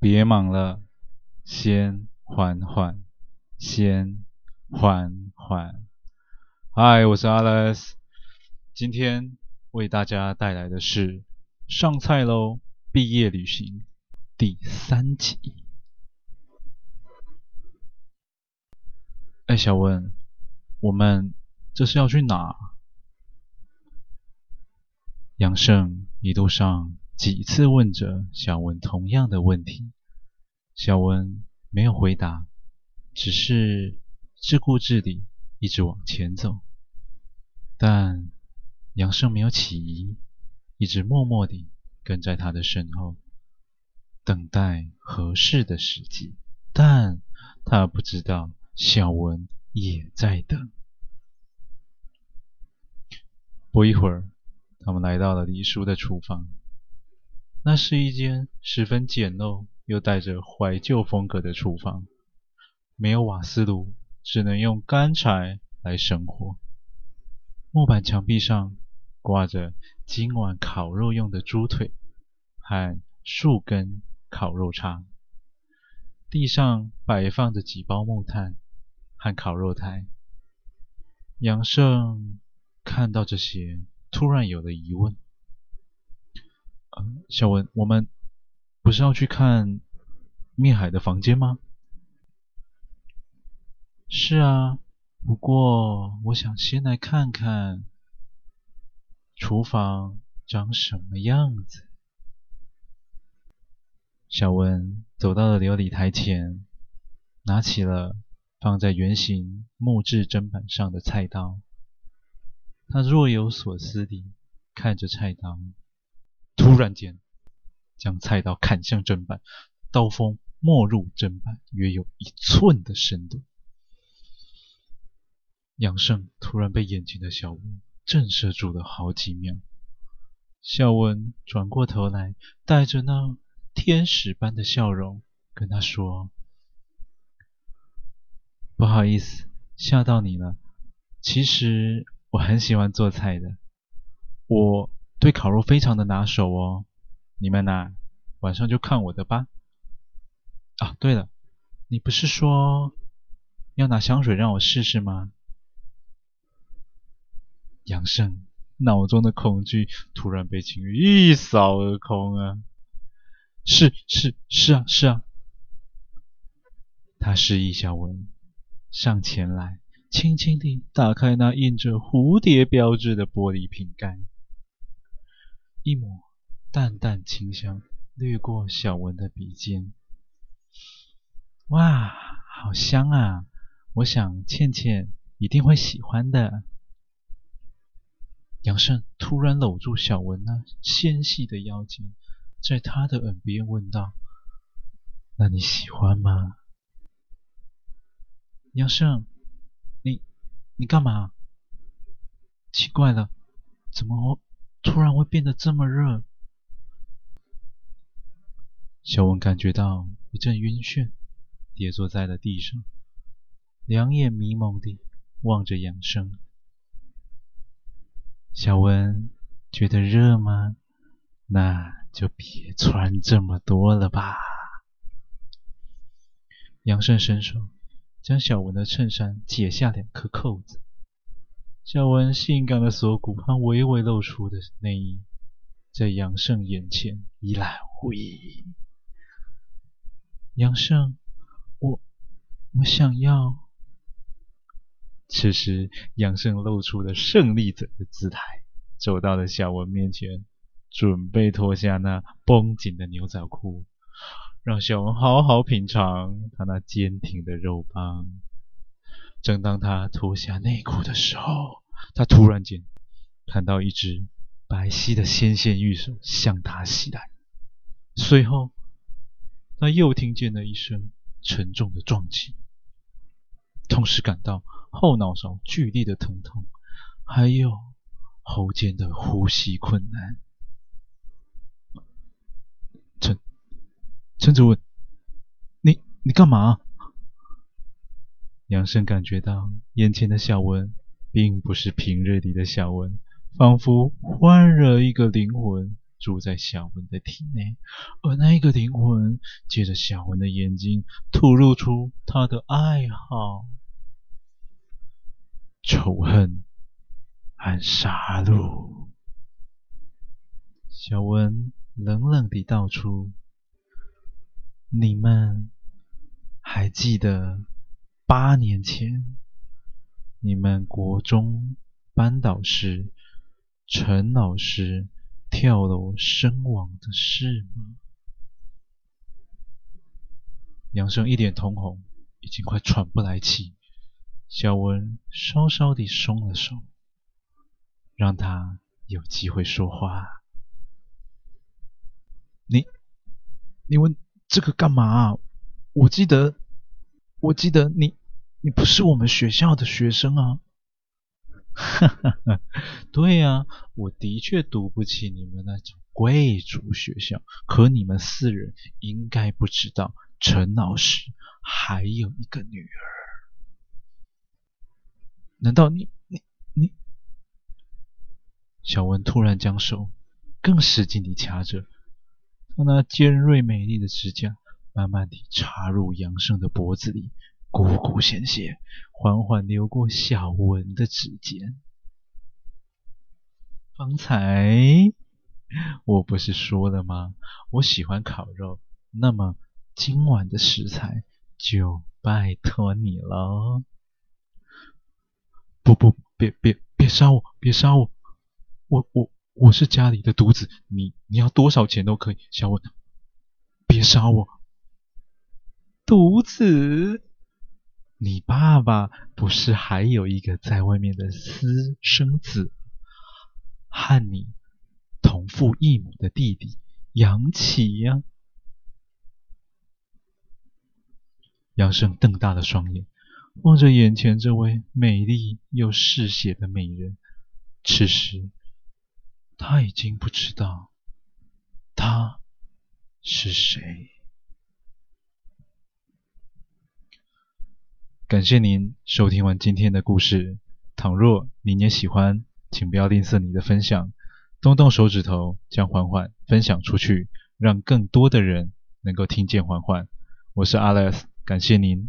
別忙了，先緩緩，先緩緩。嗨，我是 Alex，今天為大家帶來的是《上菜嘍畢業旅行》第三集。哎，小文，我們這是要去哪？楊勝，一路上。幾次問着小文同樣的問題，小文沒有回答，只是自顧自的一直往前走。但楊勝沒有起疑，一直默默地跟在他的身後，等待合適的時機。但他不知道小文也在等。不一會兒，他們來到了李叔的廚房。那是一間十分簡陋又帶着懷舊風格的廚房，沒有瓦斯爐，只能用乾柴來生火。木板牆壁上掛着今晚烤肉用的豬腿和數根烤肉叉，地上擺放着幾包木炭和烤肉台。楊勝看到這些，突然有了疑問。嗯、小文，我們不是要去看面海的房間嗎？是啊，不過我想先來看看廚房長什麼樣子。小文走到了流理臺前，拿起了放在圓形木質砧板上的菜刀，她若有所思地看着菜刀。突然間，將菜刀砍向砧板，刀鋒沒入砧板，約有一寸的深度。楊勝突然被眼前的小文震懾住了好幾秒。小文轉過頭來，帶着那天使般的笑容，跟他說：“不好意思，嚇到你了。其實我很喜歡做菜的，我。”對烤肉非常的拿手哦，你們吶，晚上就看我的吧。啊，對了，你不是說要拿香水讓我試試嗎？楊勝腦中的恐懼突然被情慾一掃而空啊！是是是啊是啊！他示意小文上前來，輕輕地打開那印着蝴蝶標誌的玻璃瓶蓋。一抹淡淡清香掠過小文的鼻尖，哇，好香啊！我想茜茜一定會喜歡的。楊勝突然摟住小文那纖細的腰間，在他的耳邊問道：“那你喜歡嗎？”楊勝，你你幹嘛？奇怪了，怎麼我？突然會變得這麼熱，小文感覺到一陣暈眩，跌坐在了地上，兩眼迷蒙地望着楊勝。小文覺得熱嗎？那就別穿這麼多了吧。楊勝伸手將小文的襯衫解下兩顆扣子。小文性感的鎖骨和微微露出的內衣，在楊勝眼前一覽無遺。楊勝，我我想要。此時，楊勝露出了勝利者的姿態，走到了小文面前，準備脫下那繃緊的牛仔褲，讓小文好好品嘗他那堅挺的肉棒。正當他脫下內褲的時候，他突然間看到一隻白皙的纖纖玉手向他襲來，隨後，他又聽見了一聲沉重的撞擊，同時感到後腦勺劇烈的疼痛，還有喉間的呼吸困難。陳陳子文，你你幹嘛？楊勝感覺到眼前的小文。並不是平日裡的小文，仿佛換了一個靈魂住在小文的體內，而那個靈魂借着小文的眼睛，吐露出他的愛好、仇恨和殺戮。小文冷冷地道出：“你們還記得八年前，”你們國中班導師陳老師跳樓身亡的事嗎？楊勝一臉通紅，已經快喘不來氣。小文稍稍地鬆了手，讓他有機會說話。你、你問這個幹嘛？我記得，我記得你。你不是我們學校的學生啊！哈哈，對呀、啊，我的確讀不起你們那種貴族學校。可你們四人應該不知道，陳老師還有一個女兒。難道你、你、你……小文突然將手更使勁地掐着，她那尖銳美麗的指甲慢慢地插入楊勝的脖子裡。汩汩鮮血緩緩流過小文的指間。方才我不是說了嗎？我喜歡烤肉，那麼今晚的食材就拜託你了。不不，別別別殺我，別殺我！我我我是家裡的獨子，你你要多少錢都可以，小文。別殺我，獨子。你爸爸不是還有一個在外面的私生子，和你同父異母的弟弟楊齊呀？楊勝瞪大了雙眼，望着眼前這位美麗又嗜血的美人。此時，他已經不知道，她是誰。感謝您收聽完今天的故事。倘若你也喜歡，請不要吝嗇你的分享，動動手指頭，將緩緩分享出去，讓更多的人能夠聽見緩緩。我是 Alex，感謝您。